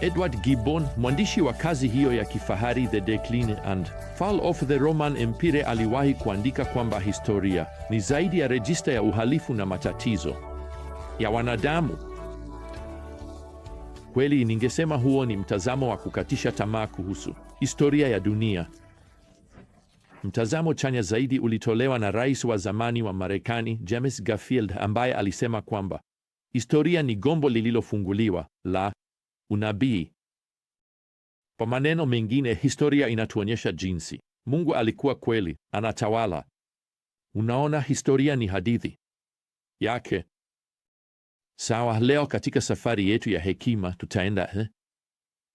Edward Gibbon, mwandishi wa kazi hiyo ya kifahari The Decline and Fall of the Roman Empire, aliwahi kuandika kwamba historia ni zaidi ya rejista ya uhalifu na matatizo ya wanadamu. Kweli, ningesema huo ni mtazamo wa kukatisha tamaa kuhusu historia ya dunia. Mtazamo chanya zaidi ulitolewa na rais wa zamani wa Marekani James Garfield ambaye alisema kwamba historia ni gombo lililofunguliwa la unabii. Kwa maneno mengine, historia inatuonyesha jinsi Mungu alikuwa kweli anatawala. Unaona, historia ni hadithi yake. Sawa, leo katika safari yetu ya hekima tutaenda eh,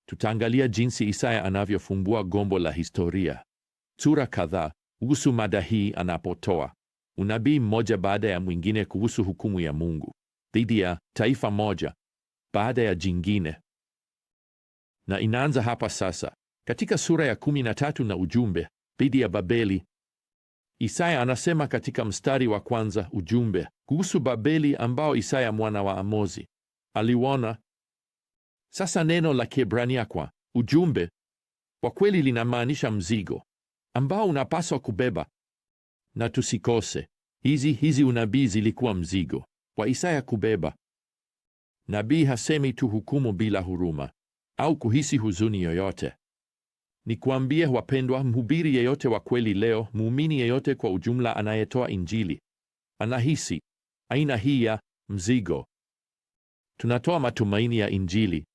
Tutaangalia jinsi Isaya anavyofumbua gombo la historia sura kadhaa kuhusu mada hii, anapotoa unabii mmoja baada ya mwingine kuhusu hukumu ya Mungu dhidi ya taifa moja baada ya jingine na inaanza hapa sasa katika sura ya kumi na ujumbe dhidi ya Babeli. Isaya anasema katika mstari wa kwanza ujumbe kuhusu Babeli ambao Isaya mwana wa Amozi aliwona Sasa neno la Kiebrania kwa ujumbe kwa kweli linamaanisha mzigo ambao unapaswa kubeba, na tusikose, hizi hizi unabii zilikuwa mzigo kwa Isaya kubeba. Nabii hasemi tu hukumu bila huruma, au kuhisi huzuni yoyote. Nikwambie wapendwa, mhubiri yeyote wa kweli leo, muumini yeyote kwa ujumla, anayetoa Injili anahisi aina hii ya mzigo. Tunatoa matumaini ya Injili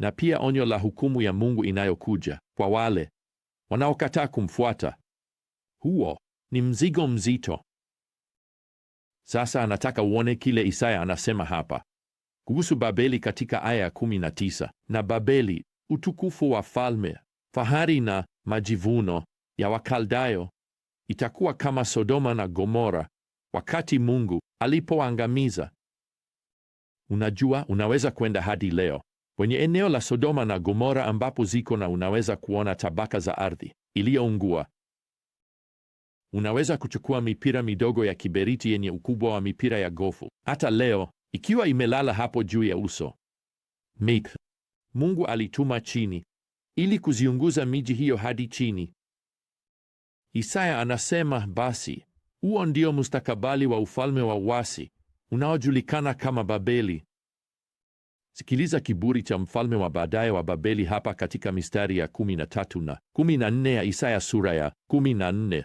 na pia onyo la hukumu ya Mungu inayokuja kwa wale wanaokataa kumfuata. Huo ni mzigo mzito. Sasa anataka uone kile Isaya anasema hapa kuhusu Babeli katika aya ya 19, na Babeli, utukufu wa falme, fahari na majivuno ya Wakaldayo, itakuwa kama Sodoma na Gomora wakati Mungu alipoangamiza. Unajua, unaweza kwenda hadi leo kwenye eneo la Sodoma na Gomora ambapo ziko na unaweza kuona tabaka za ardhi iliyoungua. Unaweza kuchukua mipira midogo ya kiberiti yenye ukubwa wa mipira ya gofu hata leo ikiwa imelala hapo juu ya uso. mik Mungu alituma chini ili kuziunguza miji hiyo hadi chini. Isaya anasema basi, huo ndio mustakabali wa ufalme wa uasi unaojulikana kama Babeli. Sikiliza kiburi cha mfalme wa baadaye wa Babeli hapa katika mistari ya 13 na 14 ya Isaya sura ya 14.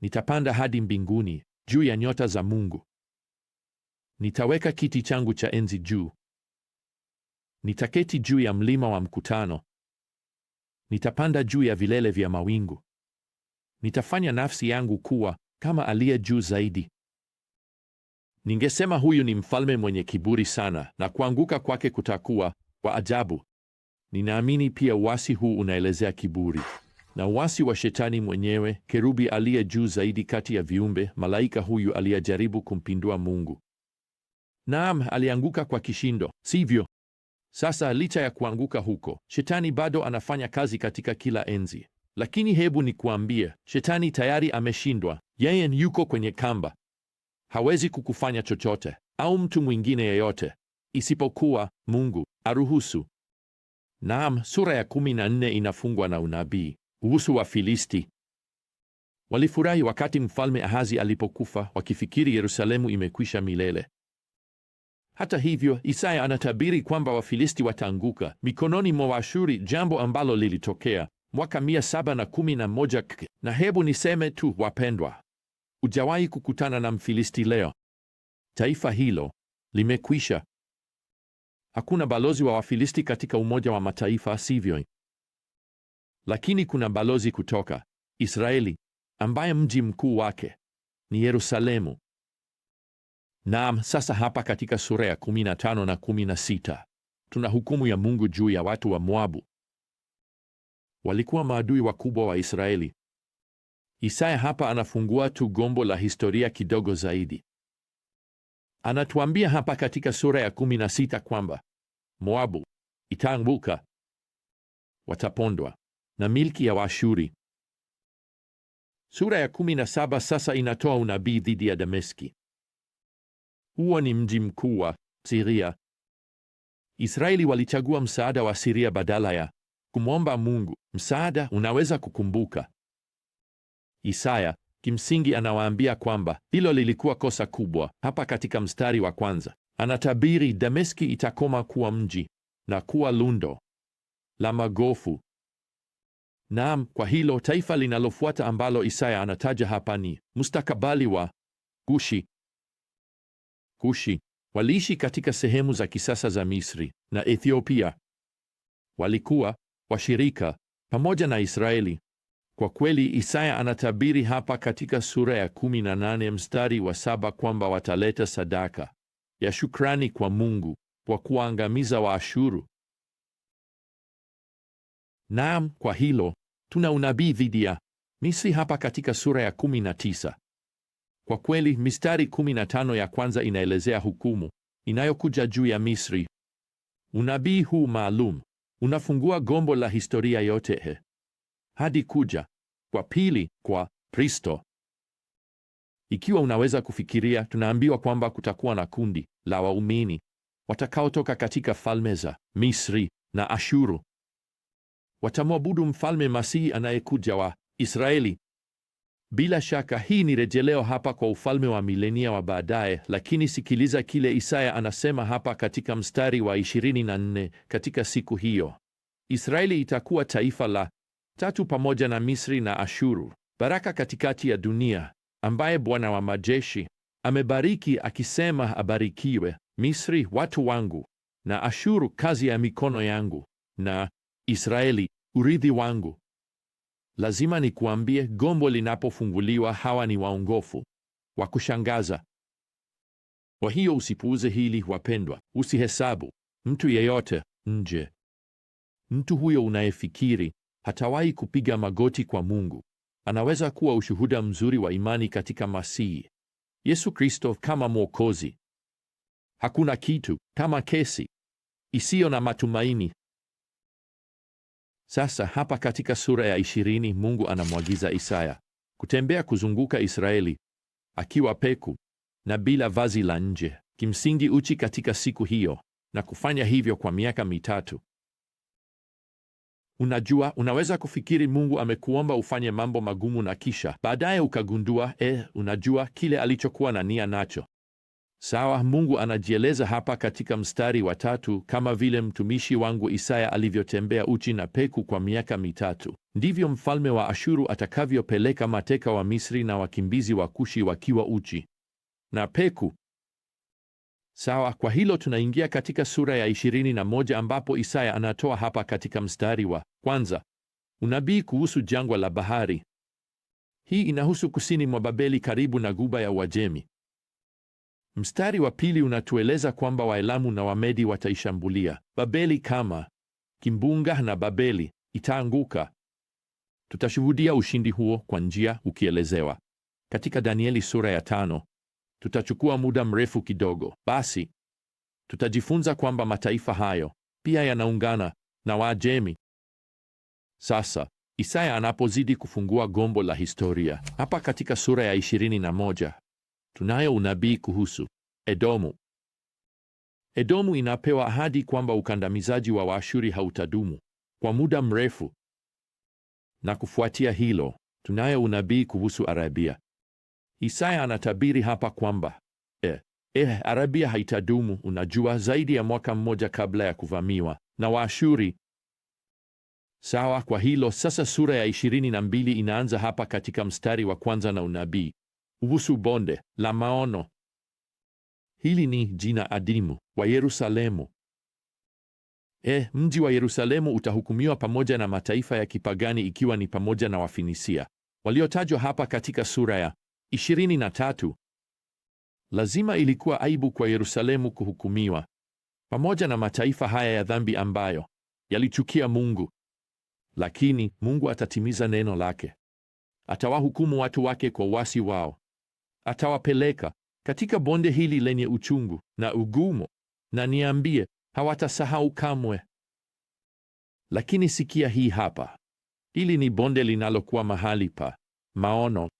Nitapanda hadi mbinguni juu ya nyota za Mungu Nitaweka kiti changu cha enzi juu, nitaketi juu ya mlima wa mkutano, nitapanda juu ya vilele vya mawingu, nitafanya nafsi yangu kuwa kama aliye juu zaidi. Ningesema huyu ni mfalme mwenye kiburi sana, na kuanguka kwake kutakuwa kwa ajabu. Ninaamini pia uasi huu unaelezea kiburi na uasi wa shetani mwenyewe, kerubi aliye juu zaidi kati ya viumbe, malaika huyu aliyejaribu kumpindua Mungu. Naam, alianguka kwa kishindo, sivyo? Sasa licha ya kuanguka huko, shetani bado anafanya kazi katika kila enzi. Lakini hebu nikuambie, shetani tayari ameshindwa. Yeye yuko kwenye kamba, hawezi kukufanya chochote au mtu mwingine yeyote isipokuwa Mungu aruhusu. Naam, sura ya 14 inafungwa na unabii kuhusu Wafilisti. Walifurahi wakati mfalme Ahazi alipokufa, wakifikiri Yerusalemu imekwisha milele. Hata hivyo, Isaya anatabiri kwamba Wafilisti wataanguka mikononi mwa Waashuri, jambo ambalo lilitokea mwaka 711 na Na hebu niseme tu, wapendwa, ujawahi kukutana na Mfilisti leo? Taifa hilo limekwisha. Hakuna balozi wa Wafilisti katika Umoja wa Mataifa, sivyo? Lakini kuna balozi kutoka Israeli ambaye mji mkuu wake ni Yerusalemu. Naam, sasa hapa katika sura ya 15 na 16 tuna hukumu ya Mungu juu ya watu wa Moabu. Walikuwa maadui wakubwa wa Israeli. Isaya hapa anafungua tu gombo la historia kidogo zaidi. Anatuambia hapa katika sura ya 16 kwamba Moabu itaanguka, watapondwa na milki ya Washuri. Sura ya 17 sasa inatoa unabii dhidi ya Dameski. Huo ni mji mkuu wa Siria. Israeli walichagua msaada wa Siria badala ya kumwomba Mungu msaada. Unaweza kukumbuka Isaya kimsingi anawaambia kwamba hilo lilikuwa kosa kubwa. Hapa katika mstari wa kwanza anatabiri Dameski itakoma kuwa mji na kuwa lundo la magofu. Naam, kwa hilo taifa linalofuata ambalo Isaya anataja hapa ni mustakabali wa Gushi Kushi waliishi katika sehemu za kisasa za Misri na Ethiopia. Walikuwa washirika pamoja na Israeli. Kwa kweli, Isaya anatabiri hapa katika sura ya 18 mstari wa saba kwamba wataleta sadaka ya shukrani kwa Mungu kwa kuangamiza Waashuru. Naam, kwa hilo tuna unabii dhidi ya Misri hapa katika sura ya 19. Kwa kweli, mistari 15 ya kwanza inaelezea hukumu inayokuja juu ya Misri. Unabii huu maalum unafungua gombo la historia yote he, hadi kuja kwa pili kwa Kristo. Ikiwa unaweza kufikiria, tunaambiwa kwamba kutakuwa na kundi la waumini watakaotoka katika falme za Misri na Ashuru. Watamwabudu mfalme Masihi anayekuja wa Israeli bila shaka hii ni rejeleo hapa kwa ufalme wa milenia wa baadaye, lakini sikiliza kile Isaya anasema hapa katika mstari wa 24: katika siku hiyo Israeli itakuwa taifa la tatu pamoja na Misri na Ashuru, baraka katikati ya dunia, ambaye Bwana wa majeshi amebariki, akisema, abarikiwe Misri watu wangu, na Ashuru kazi ya mikono yangu, na Israeli urithi wangu. Lazima nikuambie, gombo linapofunguliwa, hawa ni waongofu wa kushangaza. Kwa hiyo usipuuze hili wapendwa, usihesabu mtu yeyote nje. Mtu huyo unayefikiri hatawahi kupiga magoti kwa Mungu anaweza kuwa ushuhuda mzuri wa imani katika Masihi Yesu Kristo kama Mwokozi. Hakuna kitu kama kesi isiyo na matumaini sasa hapa katika sura ya ishirini Mungu anamwagiza Isaya kutembea kuzunguka Israeli akiwa peku na bila vazi la nje, kimsingi uchi katika siku hiyo, na kufanya hivyo kwa miaka mitatu. Unajua, unaweza kufikiri Mungu amekuomba ufanye mambo magumu na kisha baadaye ukagundua eh, unajua kile alichokuwa na nia nacho Sawa, Mungu anajieleza hapa katika mstari wa tatu, kama vile mtumishi wangu Isaya alivyotembea uchi na peku kwa miaka mitatu, ndivyo mfalme wa Ashuru atakavyopeleka mateka wa Misri na wakimbizi wa Kushi wakiwa uchi na peku. Sawa, kwa hilo tunaingia katika sura ya 21 ambapo Isaya anatoa hapa katika mstari wa kwanza unabii kuhusu jangwa la bahari. Hii inahusu kusini mwa Babeli karibu na guba ya Uajemi. Mstari wa pili unatueleza kwamba Waelamu na Wamedi wataishambulia Babeli kama kimbunga na Babeli itaanguka. Tutashuhudia ushindi huo kwa njia ukielezewa katika Danieli sura ya tano. Tutachukua muda mrefu kidogo, basi tutajifunza kwamba mataifa hayo pia yanaungana na Waajemi. Sasa Isaya anapozidi kufungua gombo la historia hapa katika sura ya 21 tunayo unabii kuhusu Edomu. Edomu inapewa ahadi kwamba ukandamizaji wa Waashuri hautadumu kwa muda mrefu, na kufuatia hilo tunayo unabii kuhusu Arabia. Isaya anatabiri hapa kwamba eh, eh, Arabia haitadumu, unajua, zaidi ya mwaka mmoja kabla ya kuvamiwa na Waashuri. Sawa, kwa hilo sasa, sura ya 22 inaanza hapa katika mstari wa kwanza na unabii kuhusu bonde la maono. Hili ni jina adimu wa Yerusalemu. E, mji wa Yerusalemu utahukumiwa pamoja na mataifa ya kipagani ikiwa ni pamoja na Wafinisia waliotajwa hapa katika sura ya 23. Lazima ilikuwa aibu kwa Yerusalemu kuhukumiwa pamoja na mataifa haya ya dhambi ambayo yalichukia Mungu, lakini Mungu atatimiza neno lake, atawahukumu watu wake kwa uasi wao atawapeleka katika bonde hili lenye uchungu na ugumu, na niambie, hawatasahau kamwe. Lakini sikia hii hapa, hili ni bonde linalokuwa mahali pa maono.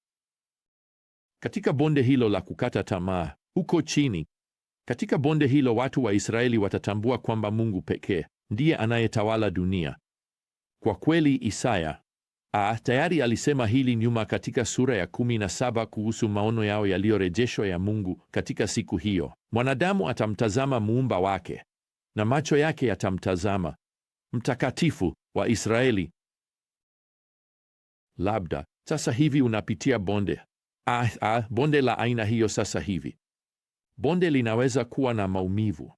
Katika bonde hilo la kukata tamaa, huko chini, katika bonde hilo watu wa Israeli watatambua kwamba Mungu pekee ndiye anayetawala dunia. Kwa kweli, Isaya Ah, tayari alisema hili nyuma katika sura ya kumi na saba kuhusu maono yao yaliyorejeshwa ya Mungu. Katika siku hiyo mwanadamu atamtazama muumba wake na macho yake yatamtazama mtakatifu wa Israeli. Labda sasa hivi unapitia bonde ah, ah, bonde la aina hiyo. Sasa hivi bonde linaweza kuwa na maumivu,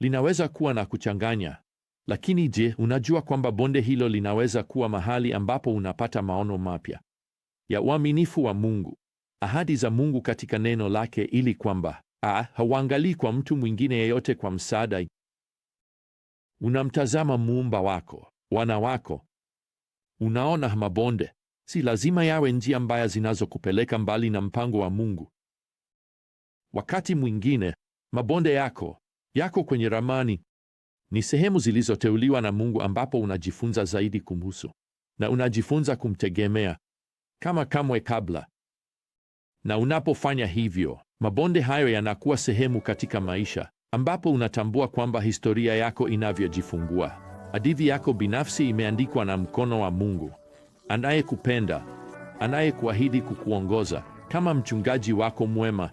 linaweza kuwa na kuchanganya lakini je, unajua kwamba bonde hilo linaweza kuwa mahali ambapo unapata maono mapya ya uaminifu wa Mungu, ahadi za Mungu katika neno lake, ili kwamba a hauangalii kwa mtu mwingine yeyote kwa msaada. Unamtazama muumba wako, wana wako. Unaona, mabonde si lazima yawe njia mbaya zinazokupeleka mbali na mpango wa Mungu. Wakati mwingine mabonde yako yako kwenye ramani ni sehemu zilizoteuliwa na Mungu ambapo unajifunza zaidi kumhusu na unajifunza kumtegemea kama kamwe kabla. Na unapofanya hivyo, mabonde hayo yanakuwa sehemu katika maisha ambapo unatambua kwamba historia yako inavyojifungua, hadithi yako binafsi imeandikwa na mkono wa Mungu anayekupenda, anayekuahidi kukuongoza kama mchungaji wako mwema.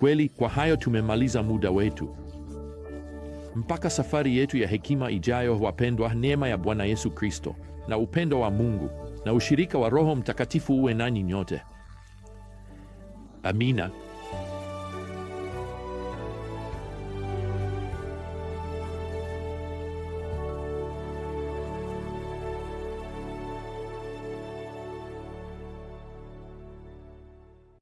Kweli, kwa hayo tumemaliza muda wetu. Mpaka safari yetu ya hekima ijayo, wapendwa, neema ya Bwana Yesu Kristo na upendo wa Mungu na ushirika wa Roho Mtakatifu uwe nanyi nyote. Amina.